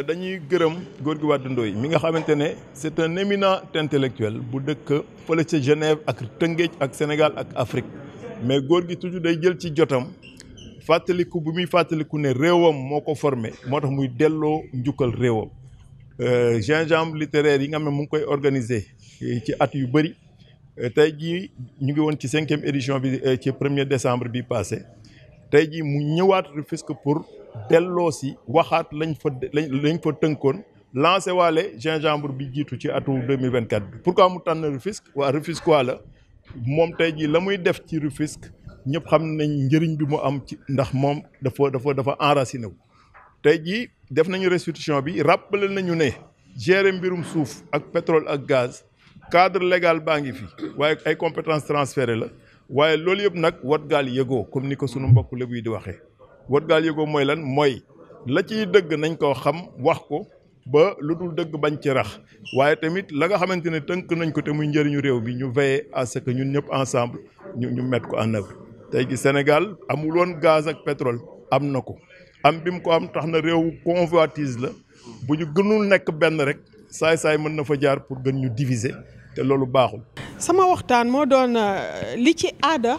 dañuy gërëm Gorgui Wade Ndoye mi nga xamante ne c'est un éminent intellectuel bu dëkk fële ca Genève ak Tëngéej ak Sénégal ak Afrique mais góor gi toujours day jël ci jotam fàttaliku bu muy fàttaliku ne réewam moo ko formé moo tax muy delloo njukkal réewam. Euh, gingembre littéraire yi nga xam ne mu ngi koy organiser ci at yu bëri euh, tey jii ñu ngi woon ci cinquième édition bi euh, ci premier décembre bi passé tey jii mu ñëwaat Rufisque delloo si waxaat lañ fa lañ fa tënkoon lancé waale gingembre bi jiitu ci atu 2024 bi pourquoi mu tànn Rufisque waa Rufisque waa la moom tey jii la muy def ci Rufisque ñëpp xam nañ njëriñ bi mu am ci ndax moom dafa dafa dafa enraciné wu tey jii def nañu restitution bi rappelé nañu ne gérer mbirum suuf ak pétrole ak gaz cadre légal baa ngi fi waaye ay compétences transférées la waaye loolu yëpp nag wat gaal yëgoo comme ni ko sunu mbokk lébu yi di waxee wat gaal yëgoo lan mooy la ciy dëgg nañ koo xam wax ko ba lu dul dëgg bañ ci rax waaye tamit la nga xamante ne tënk nañ ko te muy njariñu réew bi ñu veiller à ce que ñun ñëpp ensemble ñu ñu mettre ko en œuvre. tey gi Sénégal amul woon gaz ak pétrole am na ko am bi mu ko am tax na réew convoitise la bu ñu gënul nekk benn rek saay-saay mën na fa jaar pour gën ñu diviser te loolu baaxul. sama waxtaan moo doon euh, li ci aada.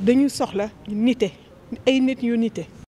dañu soxla nite ay nit yu nite